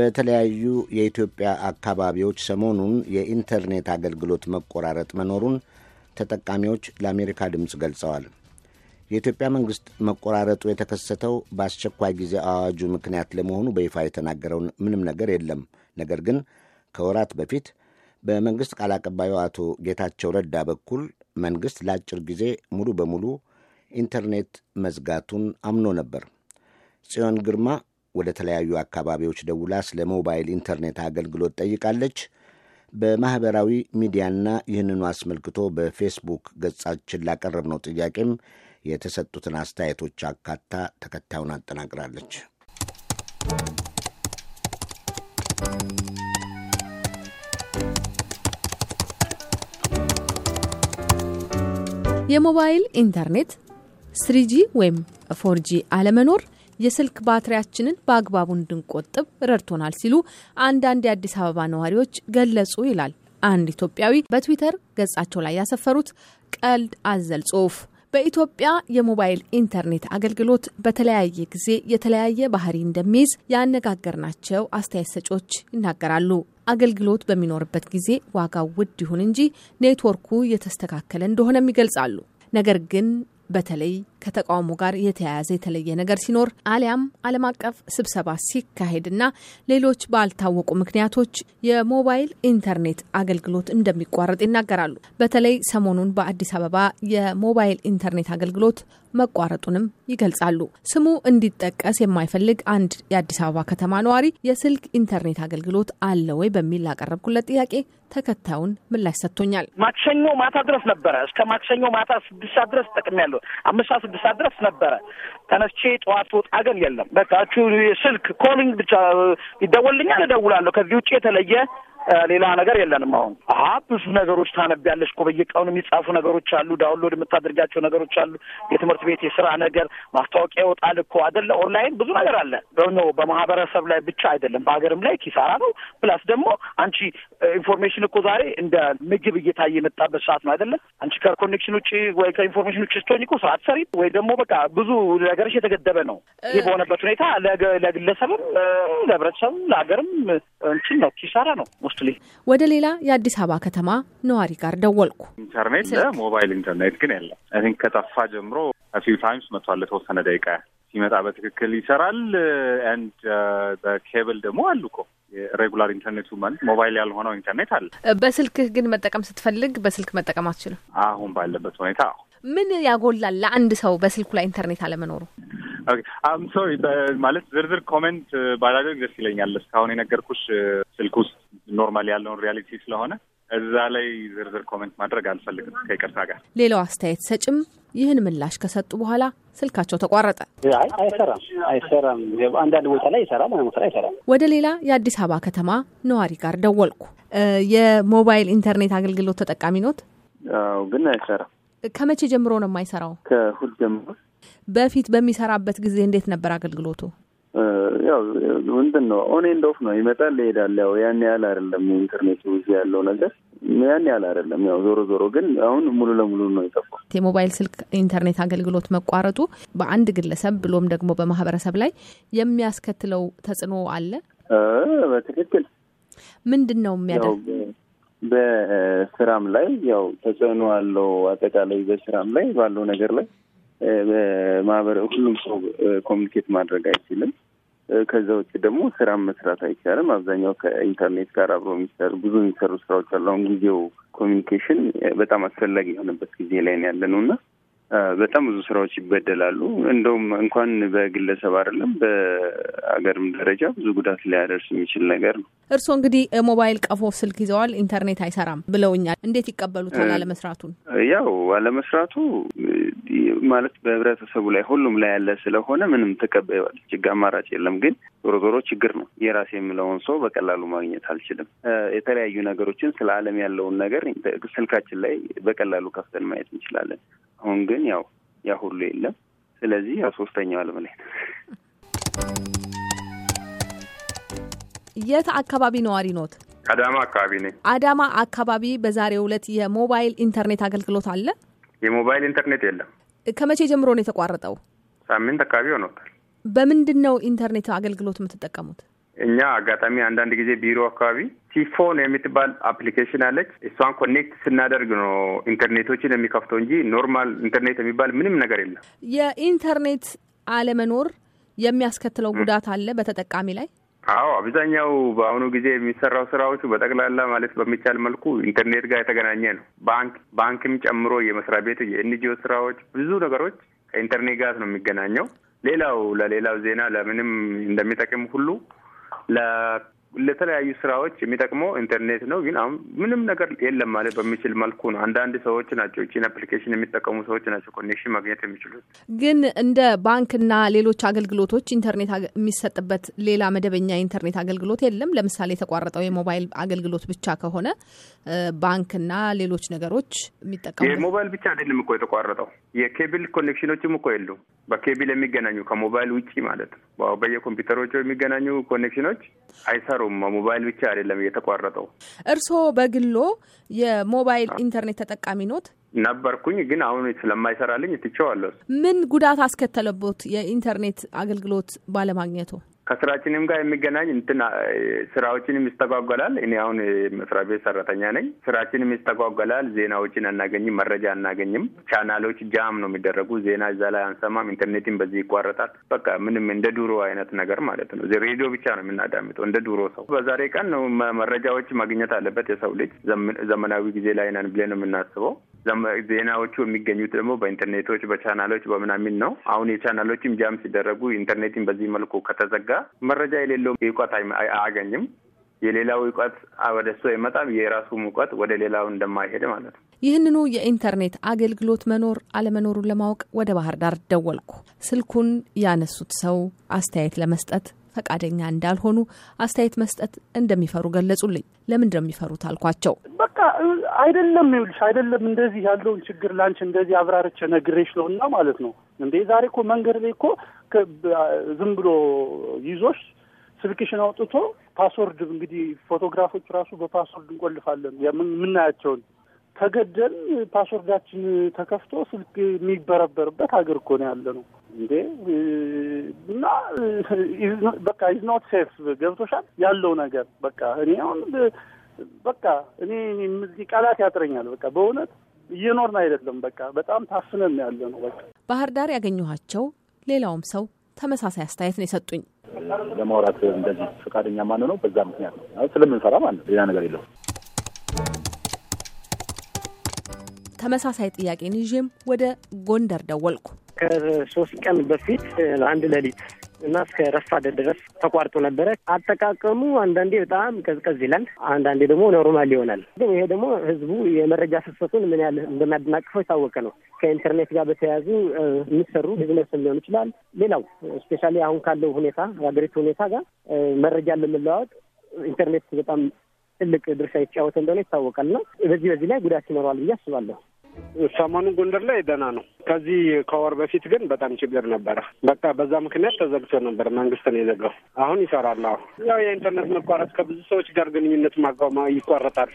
በተለያዩ የኢትዮጵያ አካባቢዎች ሰሞኑን የኢንተርኔት አገልግሎት መቆራረጥ መኖሩን ተጠቃሚዎች ለአሜሪካ ድምፅ ገልጸዋል። የኢትዮጵያ መንግሥት መቆራረጡ የተከሰተው በአስቸኳይ ጊዜ አዋጁ ምክንያት ለመሆኑ በይፋ የተናገረውን ምንም ነገር የለም። ነገር ግን ከወራት በፊት በመንግሥት ቃል አቀባዩ አቶ ጌታቸው ረዳ በኩል መንግሥት ለአጭር ጊዜ ሙሉ በሙሉ ኢንተርኔት መዝጋቱን አምኖ ነበር። ጽዮን ግርማ ወደ ተለያዩ አካባቢዎች ደውላ ስለ ሞባይል ኢንተርኔት አገልግሎት ጠይቃለች። በማኅበራዊ ሚዲያና ይህንኑ አስመልክቶ በፌስቡክ ገጻችን ላቀረብነው ጥያቄም የተሰጡትን አስተያየቶች አካታ ተከታዩን አጠናቅራለች። የሞባይል ኢንተርኔት ስሪጂ ወይም ፎርጂ አለመኖር የስልክ ባትሪያችንን በአግባቡ እንድንቆጥብ ረድቶናል ሲሉ አንዳንድ የአዲስ አበባ ነዋሪዎች ገለጹ ይላል አንድ ኢትዮጵያዊ በትዊተር ገጻቸው ላይ ያሰፈሩት ቀልድ አዘል ጽሁፍ። በኢትዮጵያ የሞባይል ኢንተርኔት አገልግሎት በተለያየ ጊዜ የተለያየ ባህሪ እንደሚይዝ ያነጋገርናቸው አስተያየት ሰጮች ይናገራሉ። አገልግሎት በሚኖርበት ጊዜ ዋጋው ውድ ይሁን እንጂ ኔትወርኩ የተስተካከለ እንደሆነም ይገልጻሉ። ነገር ግን በተለይ ከተቃውሞ ጋር የተያያዘ የተለየ ነገር ሲኖር አሊያም ዓለም አቀፍ ስብሰባ ሲካሄድና ሌሎች ባልታወቁ ምክንያቶች የሞባይል ኢንተርኔት አገልግሎት እንደሚቋረጥ ይናገራሉ። በተለይ ሰሞኑን በአዲስ አበባ የሞባይል ኢንተርኔት አገልግሎት መቋረጡንም ይገልጻሉ። ስሙ እንዲጠቀስ የማይፈልግ አንድ የአዲስ አበባ ከተማ ነዋሪ የስልክ ኢንተርኔት አገልግሎት አለ ወይ በሚል ላቀረብኩለት ጥያቄ ተከታዩን ምላሽ ሰጥቶኛል። ማክሰኞ ማታ ድረስ ነበረ። እስከ ማክሰኞ ማታ ስድስት ሰዓት ድረስ ጠቅሜያለሁ። አምስት ሰዓት ስድስት ሰዓት ድረስ ነበረ። ተነስቼ ጠዋት ወጣ ግን የለም። በቃ ስልክ ኮሊንግ ብቻ ይደወልልኛል፣ እደውላለሁ። ከዚህ ውጭ የተለየ ሌላ ነገር የለንም። አሁን አ ብዙ ነገሮች ታነቢያለሽ እኮ በየቀኑ የሚጻፉ ነገሮች አሉ። ዳውንሎድ የምታደርጋቸው ነገሮች አሉ። የትምህርት ቤት የስራ ነገር ማስታወቂያ ይወጣል እኮ አይደለ? ኦንላይን ብዙ ነገር አለ። በማህበረሰብ ላይ ብቻ አይደለም፣ በሀገርም ላይ ኪሳራ ነው። ፕላስ ደግሞ አንቺ ኢንፎርሜሽን እኮ ዛሬ እንደ ምግብ እየታየ የመጣበት ሰዓት ነው አይደለም? አንቺ ከኮኔክሽን ውጭ ወይ ከኢንፎርሜሽን ውጭ ስትሆኝ እኮ ስራ አትሰሪ ወይ ደግሞ በቃ ብዙ ነገሮች የተገደበ ነው። ይህ በሆነበት ሁኔታ ለግለሰብም፣ ለህብረተሰብም፣ ለሀገርም እንችን ነው ኪሳራ ነው አክቹዋሊ ወደ ሌላ የአዲስ አበባ ከተማ ነዋሪ ጋር ደወልኩ። ኢንተርኔት ሞባይል ኢንተርኔት ግን የለም። አይ ቲንክ ከጠፋ ጀምሮ ፊው ታይምስ መቷል። ለተወሰነ ደቂቃ ሲመጣ በትክክል ይሰራል። አንድ uh, በኬብል ደግሞ አሉ እኮ የሬጉላር ኢንተርኔቱ ማለት ሞባይል ያልሆነው ኢንተርኔት አለ። በስልክህ ግን መጠቀም ስትፈልግ በስልክ መጠቀም አትችልም። አሁን ባለበት ሁኔታ ምን ያጎላል ለአንድ ሰው በስልኩ ላይ ኢንተርኔት አለመኖሩ? አም ሶሪ ማለት ዝርዝር ኮሜንት ባላደርግ ደስ ይለኛል። እስካሁን የነገርኩሽ ስልክ ውስጥ ኖርማል ያለውን ሪያሊቲ ስለሆነ እዛ ላይ ዝርዝር ኮሜንት ማድረግ አልፈልግም ከይቅርታ ጋር። ሌላው አስተያየት ሰጭም ይህን ምላሽ ከሰጡ በኋላ ስልካቸው ተቋረጠ። አይሰራም አይሰራም። አንዳንድ ቦታ ላይ ይሰራል፣ ቦታ ላይ አይሰራም። ወደ ሌላ የአዲስ አበባ ከተማ ነዋሪ ጋር ደወልኩ። የሞባይል ኢንተርኔት አገልግሎት ተጠቃሚ ኖት? ግን አይሰራም። ከመቼ ጀምሮ ነው የማይሰራው? ከእሑድ ጀምሮ። በፊት በሚሰራበት ጊዜ እንዴት ነበር አገልግሎቱ? ያው ምንድን ነው ኦን ኤንድ ኦፍ ነው ይመጣል ይሄዳል። ያው ያን ያህል አይደለም ኢንተርኔቱ እዚህ ያለው ነገር ያን ያህል አይደለም። ያው ዞሮ ዞሮ ግን አሁን ሙሉ ለሙሉ ነው የጠፋው። የሞባይል ስልክ ኢንተርኔት አገልግሎት መቋረጡ በአንድ ግለሰብ ብሎም ደግሞ በማህበረሰብ ላይ የሚያስከትለው ተጽዕኖ አለ። በትክክል ምንድን ነው የሚያደር በስራም ላይ ያው ተጽዕኖ አለው። አጠቃላይ በስራም ላይ ባለው ነገር ላይ ሁሉም ሰው ኮሚኒኬት ማድረግ አይችልም። ከዛ ውጭ ደግሞ ስራም መስራት አይቻልም። አብዛኛው ከኢንተርኔት ጋር አብሮ የሚሰሩ ብዙ የሚሰሩ ስራዎች አሉ። አሁን ጊዜው ኮሚኒኬሽን በጣም አስፈላጊ የሆነበት ጊዜ ላይ ያለ ነው እና በጣም ብዙ ስራዎች ይበደላሉ። እንደውም እንኳን በግለሰብ አይደለም በአገርም ደረጃ ብዙ ጉዳት ሊያደርስ የሚችል ነገር ነው። እርስዎ እንግዲህ ሞባይል ቀፎ ስልክ ይዘዋል። ኢንተርኔት አይሰራም ብለውኛል። እንዴት ይቀበሉታል አለመስራቱን? ያው አለመስራቱ ማለት በህብረተሰቡ ላይ ሁሉም ላይ ያለ ስለሆነ ምንም ተቀበዋል ችግር አማራጭ የለም። ግን ዞሮ ዞሮ ችግር ነው። የራሴ የምለውን ሰው በቀላሉ ማግኘት አልችልም። የተለያዩ ነገሮችን ስለ አለም ያለውን ነገር ስልካችን ላይ በቀላሉ ከፍተን ማየት እንችላለን። አሁን ግን ግን ያው ያ ሁሉ የለም። ስለዚህ ያው ሶስተኛው አለም ላይ የት አካባቢ ነዋሪ ኖት? አዳማ አካባቢ ነኝ። አዳማ አካባቢ በዛሬው ዕለት የሞባይል ኢንተርኔት አገልግሎት አለ? የሞባይል ኢንተርኔት የለም። ከመቼ ጀምሮ ነው የተቋረጠው? ሳምንት አካባቢ ሆኖታል። በምንድን ነው ኢንተርኔት አገልግሎት የምትጠቀሙት? እኛ አጋጣሚ አንዳንድ ጊዜ ቢሮ አካባቢ ሲፎን የምትባል አፕሊኬሽን አለች። እሷን ኮኔክት ስናደርግ ነው ኢንተርኔቶችን የሚከፍተው እንጂ ኖርማል ኢንተርኔት የሚባል ምንም ነገር የለም። የኢንተርኔት አለመኖር የሚያስከትለው ጉዳት አለ በተጠቃሚ ላይ። አዎ አብዛኛው በአሁኑ ጊዜ የሚሰራው ስራዎች በጠቅላላ ማለት በሚቻል መልኩ ኢንተርኔት ጋር የተገናኘ ነው። ባንክ ባንክም ጨምሮ የመስሪያ ቤቱ የኤንጂኦ ስራዎች፣ ብዙ ነገሮች ከኢንተርኔት ጋር ነው የሚገናኘው። ሌላው ለሌላው ዜና ለምንም እንደሚጠቅም ሁሉ la ለተለያዩ ስራዎች የሚጠቅመው ኢንተርኔት ነው። ግን አሁን ምንም ነገር የለም ማለት በሚችል መልኩ ነው። አንዳንድ ሰዎች ናቸው ይህችን አፕሊኬሽን የሚጠቀሙ ሰዎች ናቸው ኮኔክሽን ማግኘት የሚችሉት። ግን እንደ ባንክና ሌሎች አገልግሎቶች ኢንተርኔት የሚሰጥበት ሌላ መደበኛ የኢንተርኔት አገልግሎት የለም። ለምሳሌ የተቋረጠው የሞባይል አገልግሎት ብቻ ከሆነ ባንክና ሌሎች ነገሮች የሚጠቀሙ የሞባይል ብቻ አይደለም እኮ የተቋረጠው፣ የኬብል ኮኔክሽኖችም እኮ የሉ። በኬብል የሚገናኙ ከሞባይል ውጪ ማለት ነው። በየኮምፒውተሮች የሚገናኙ ኮኔክሽኖች አይሰሩ አይቀሩም። ሞባይል ብቻ አይደለም እየተቋረጠው። እርስዎ በግሎ የሞባይል ኢንተርኔት ተጠቃሚ ኖት? ነበርኩኝ፣ ግን አሁን ስለማይሰራልኝ ትቼዋለሁ። ምን ጉዳት አስከተለቦት የኢንተርኔት አገልግሎት ባለማግኘቱ? ከስራችንም ጋር የሚገናኝ እንትን ስራዎችንም ይስተጓጎላል። እኔ አሁን መስሪያ ቤት ሰራተኛ ነኝ። ስራችንም ይስተጓጎላል። ዜናዎችን አናገኝም፣ መረጃ አናገኝም። ቻናሎች ጃም ነው የሚደረጉ። ዜና እዛ ላይ አንሰማም። ኢንተርኔትን በዚህ ይቋረጣል። በቃ ምንም እንደ ድሮ አይነት ነገር ማለት ነው። ሬዲዮ ብቻ ነው የምናዳምጠው እንደ ድሮ ሰው። በዛሬ ቀን ነው መረጃዎች ማግኘት አለበት የሰው ልጅ። ዘመናዊ ጊዜ ላይ ነን ብለን ነው የምናስበው። ዜናዎቹ የሚገኙት ደግሞ በኢንተርኔቶች፣ በቻናሎች በምናምን ነው። አሁን የቻናሎችም ጃም ሲደረጉ ኢንተርኔትን በዚህ መልኩ ከተዘጋ መረጃ የሌለው እውቀት አያገኝም። የሌላው እውቀት ወደ እሱ አይመጣም። የራሱም እውቀት ወደ ሌላው እንደማይሄድ ማለት ነው። ይህንኑ የኢንተርኔት አገልግሎት መኖር አለመኖሩን ለማወቅ ወደ ባህር ዳር ደወልኩ። ስልኩን ያነሱት ሰው አስተያየት ለመስጠት ፈቃደኛ እንዳልሆኑ፣ አስተያየት መስጠት እንደሚፈሩ ገለጹልኝ። ለምን እንደሚፈሩት አልኳቸው። በቃ አይደለም ይኸውልሽ፣ አይደለም እንደዚህ ያለውን ችግር ላንቺ እንደዚህ አብራርቼ ነግሬሽ ነው እና ማለት ነው እንዴ ዛሬ እኮ መንገድ ላይ እኮ ዝም ብሎ ይዞሽ ስልክሽን አውጥቶ ፓስወርድ እንግዲህ ፎቶግራፎች ራሱ በፓስወርድ እንቆልፋለን የምናያቸውን ተገደል ፓስወርዳችን ተከፍቶ ስልክ የሚበረበርበት ሀገር እኮ ነው ያለ ነው እንዴ እና በቃ ኢዝ ኖት ሴፍ ገብቶሻል ያለው ነገር በቃ እኔ አሁን በቃ እኔ ቃላት ያጥረኛል። በቃ በእውነት እየኖርን አይደለም። በቃ በጣም ታፍነን ያለ ነው። በቃ ባህር ዳር ያገኘኋቸው ሌላውም ሰው ተመሳሳይ አስተያየት ነው የሰጡኝ። ለማውራት እንደዚህ ፈቃደኛ ማን ነው በዛ ምክንያት ነው ስለምንሰራ ማለት ነው። ሌላ ነገር የለም። ተመሳሳይ ጥያቄን ይዤም ወደ ጎንደር ደወልኩ። ከሶስት ቀን በፊት ለአንድ ሌሊት እና እስከ ረፋደ ድረስ ተቋርጦ ነበረ። አጠቃቀሙ አንዳንዴ በጣም ቀዝቀዝ ይላል፣ አንዳንዴ ደግሞ ኖርማል ይሆናል። ግን ይሄ ደግሞ ህዝቡ የመረጃ ፍሰቱን ምን ያህል እንደሚያደናቅፈው የታወቀ ነው። ከኢንተርኔት ጋር በተያያዙ የሚሰሩ ቢዝነስ ሊሆን ይችላል። ሌላው ስፔሻሊ አሁን ካለው ሁኔታ የሀገሪቱ ሁኔታ ጋር መረጃ ለመለዋወጥ ኢንተርኔት በጣም ትልቅ ድርሻ የተጫወተ እንደሆነ ይታወቃል። እና በዚህ በዚህ ላይ ጉዳት ይኖረዋል ብዬ አስባለሁ። ሰሞኑን ጎንደር ላይ ደህና ነው። ከዚህ ከወር በፊት ግን በጣም ችግር ነበረ። በቃ በዛ ምክንያት ተዘግቶ ነበር። መንግስት ነው የዘጋው። አሁን ይሰራል። ያው የኢንተርኔት መቋረጥ ከብዙ ሰዎች ጋር ግንኙነት ማቋማ ይቋረጣል።